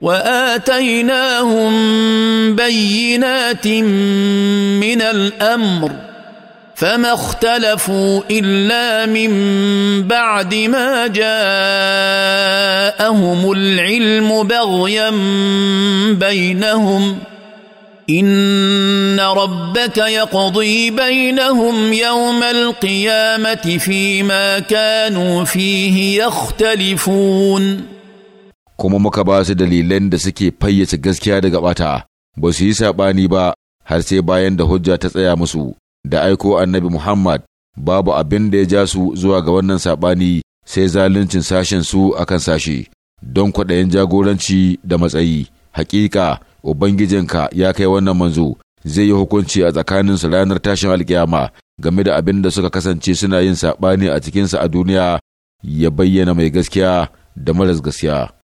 واتيناهم بينات من الامر فما اختلفوا الا من بعد ما جاءهم العلم بغيا بينهم ان ربك يقضي بينهم يوم القيامه فيما كانوا فيه يختلفون kuma muka ba su dalilan da suke fayyace gaskiya daga ɓata, ba su yi saɓani ba har sai bayan da hujja ta tsaya musu, da aiko annabi Muhammad babu abin da ya ja su zuwa ga wannan saɓani sai zaluncin sashen su akan sashe, don kwaɗayin jagoranci da matsayi. Hakika, Ubangijinka ya kai wannan manzo, zai yi hukunci a tsakanin su ranar tashin alkiyama game da abin da suka kasance suna yin saɓani a cikinsa a duniya ya bayyana mai gaskiya da maras gaskiya.